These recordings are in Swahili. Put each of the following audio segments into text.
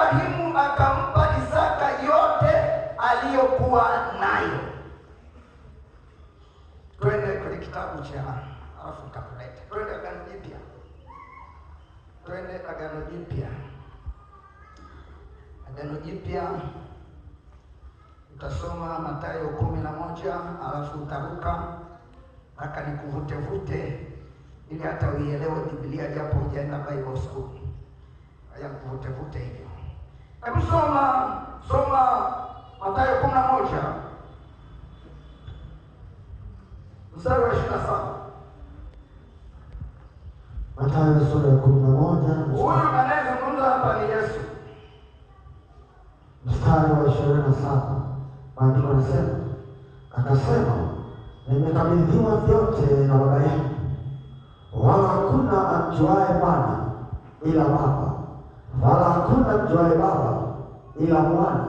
Ibrahimu akampa Isaka yote aliyokuwa nayo. Twende kwenye kitabu cha alafu kapuleta, twende Agano Jipya, twende Agano Jipya, Agano Jipya utasoma Mathayo kumi na moja alafu utaruka mpaka nikuvutevute ili hata uielewe Biblia japo hujaenda Bible school. Haya, vute hivyo Hebu soma soma Mathayo kumi na moja mstari wa ishirini na saba Mathayo sura ya kumi na moja Huyu anayezungumza hapa ni Yesu, mstari wa ishirini na saba Maandiko anasema akasema, nimekabidhiwa vyote na Baba yangu, wala hakuna amjuae Bwana ila Baba wala hakuna mjuae Baba ila Mwana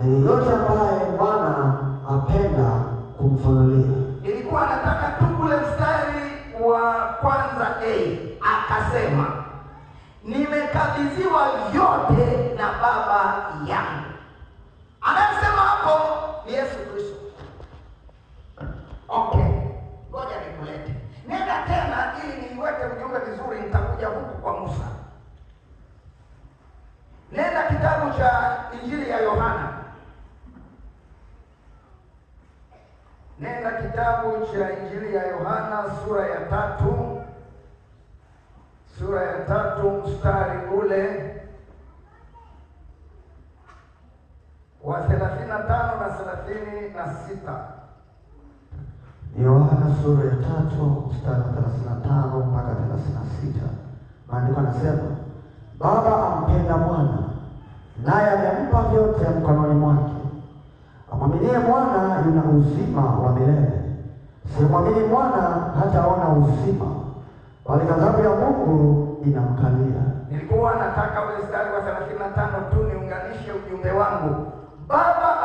na yeyote ambaye Mwana apenda kumfunulia. Ilikuwa anataka tu kule mstari wa kwanza a akasema, nimekabidhiwa yote na Baba yangu. anayesema hapo Yesu cha Injili ya Yohana, nenda kitabu cha Injili ya Yohana sura ya tatu, sura ya tatu mstari ule wa 35 na 36. Yohana sura ya tatu mstari wa 35 mpaka 36, maandiko anasema Baba ampenda mwana naye amempa vyote mkononi mwake. Amwaminie mwana yuna uzima wa milele, simwamini mwana hataona uzima, bali ghadhabu ya Mungu inamkalia. Nilikuwa nataka ule mstari wa 35 tu niunganishe ujumbe wangu Baba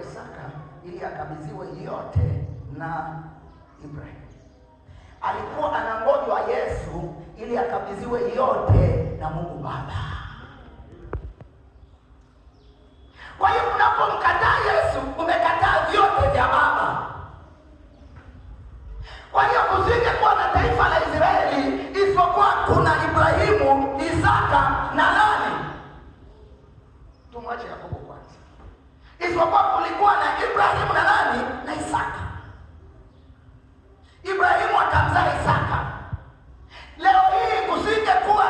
Isaka ili akabidhiwe yote na Ibrahimu. Alikuwa anangojwa Yesu ili akabidhiwe yote na Mungu Baba. Kwa hiyo unapomkataa Yesu umekataa vyote vya Baba. Kwa hiyo kusingekuwa na taifa la Israeli isipokuwa kuna Ibrahimu, Isaka na nani? Tumwache Yakobo kwanza isipokuwa kulikuwa na Ibrahimu na nani na Isaka. Ibrahimu akamzaa Isaka. Leo hii kusingekuwa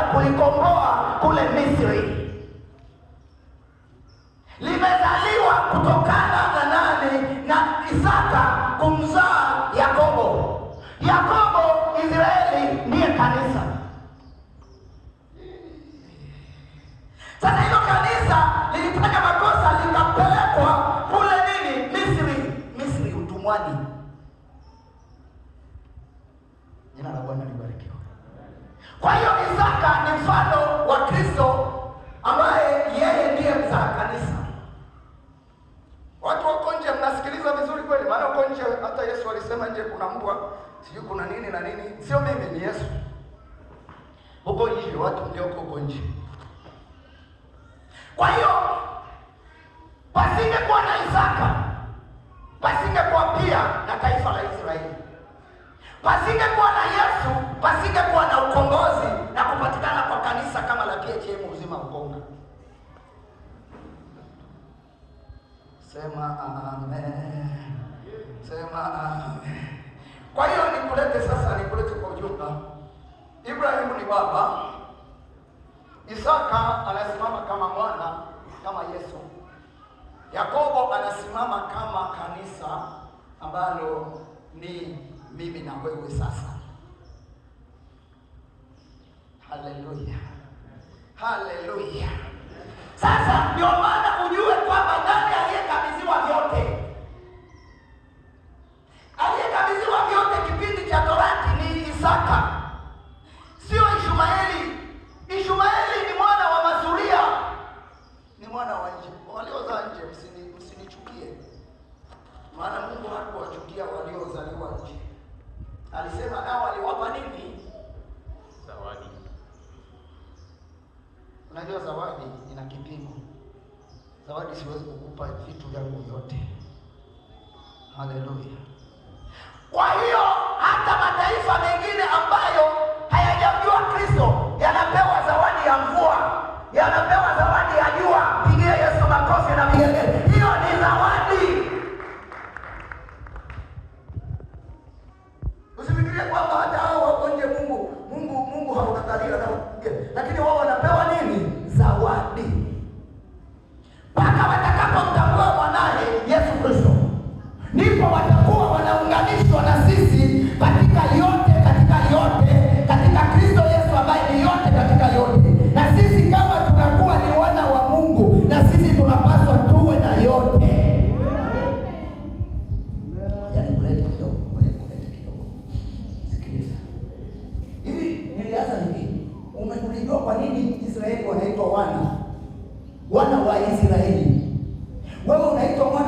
kwenda kulikomboa kule Misri. huko nje. Kwa hiyo kama kanisa ambalo ni mimi na wewe sasa. Haleluya, haleluya! Sasa ndio maana ujue kwamba ndani alisema nao aliwapa nini? Zawadi. Unajua zawadi ina kipimo. Zawadi siwezi kukupa vitu vyangu vyote. Haleluya! Kwa hiyo hata mataifa mengine ambayo 我都没装。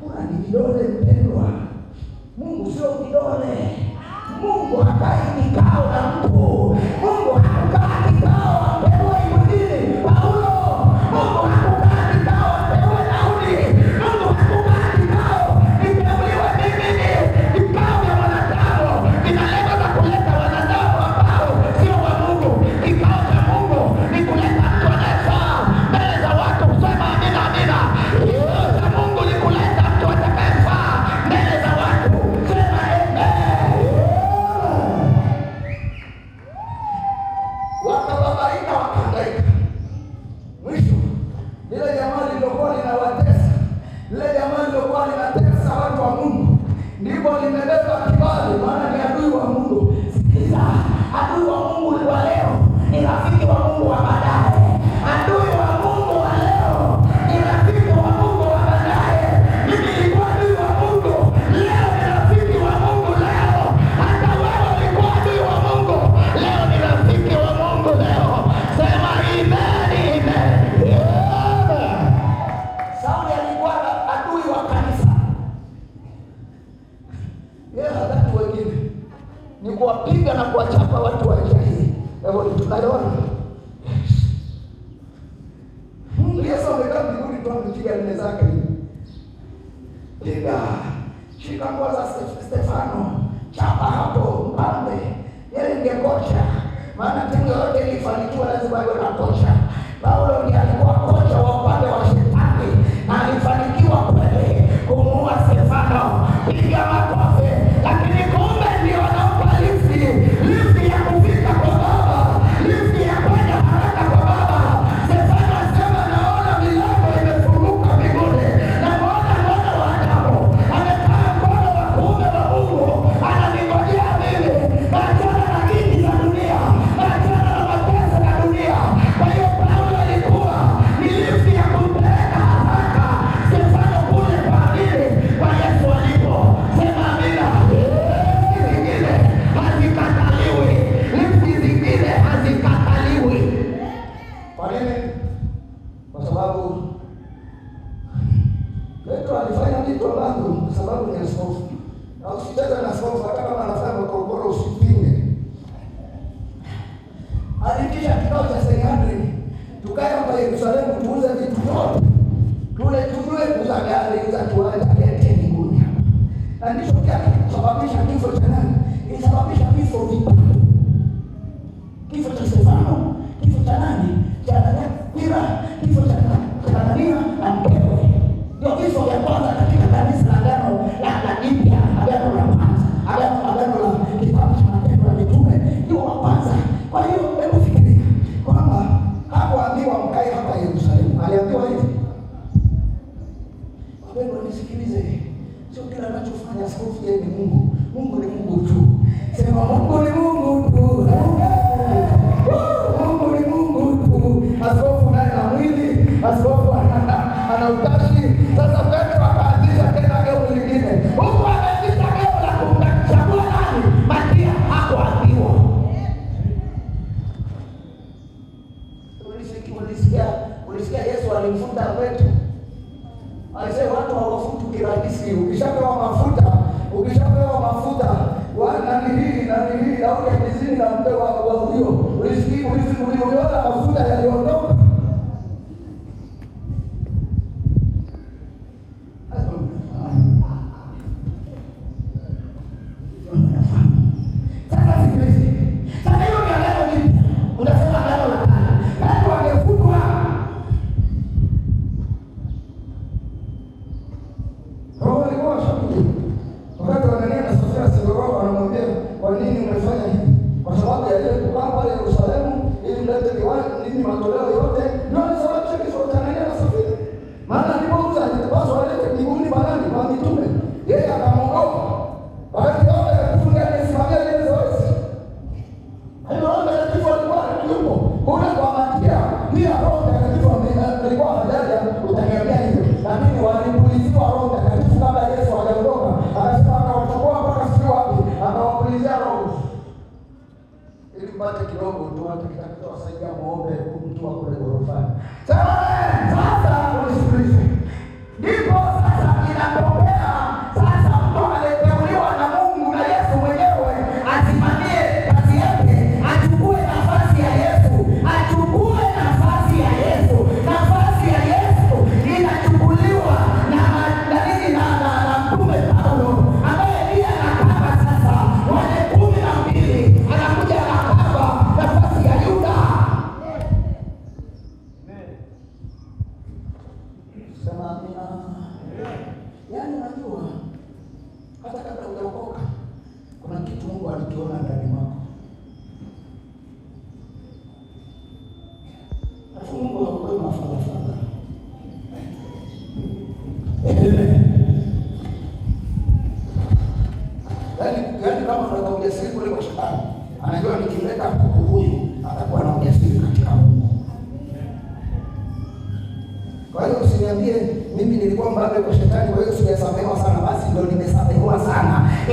Kura ni vidole mpendwa. Mungu sio vidole. Mungu hakai mikao na mtu. askofu anahutaji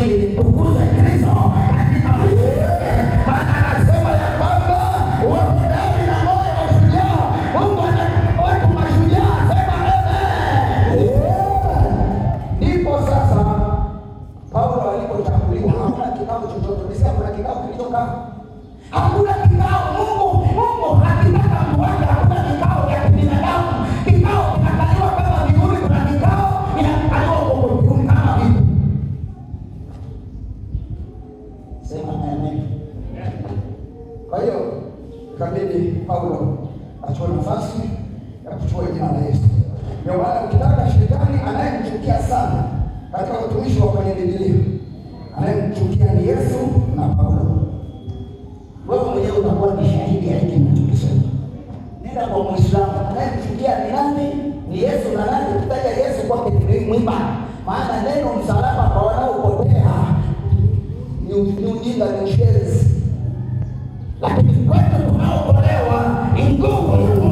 ele depois utakuwa ni shahidi ya kile tunachosema. Nenda kwa Muislamu anayekufikia ni nani? Ni Yesu, na nani kutaja Yesu kwake ni mwiba, maana neno msalaba kwa wanaopotea ni ujinga, ni ushezi, lakini kwetu tunaokolewa ni nguvu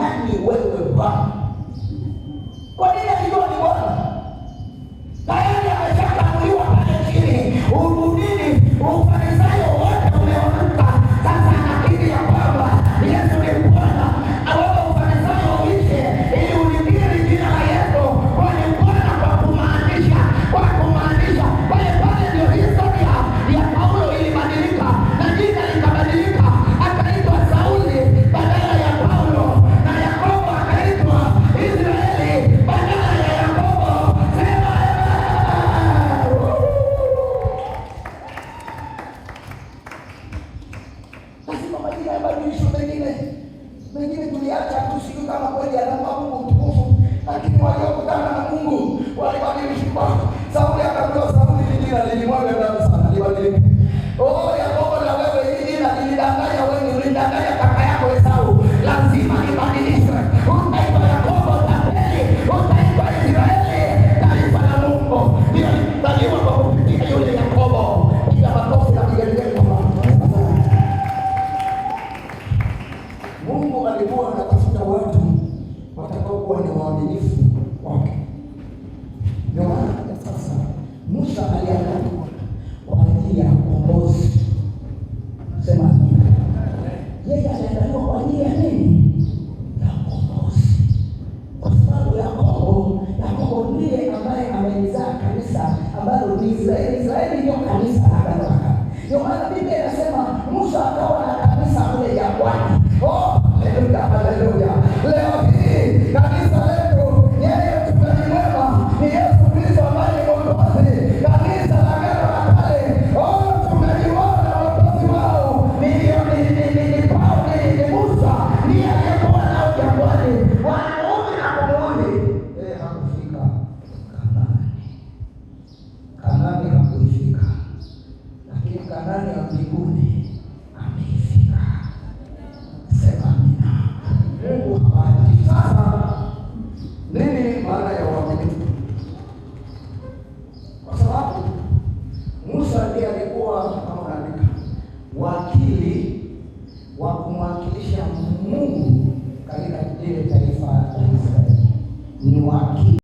ndani wewe Bwana analinimwaga na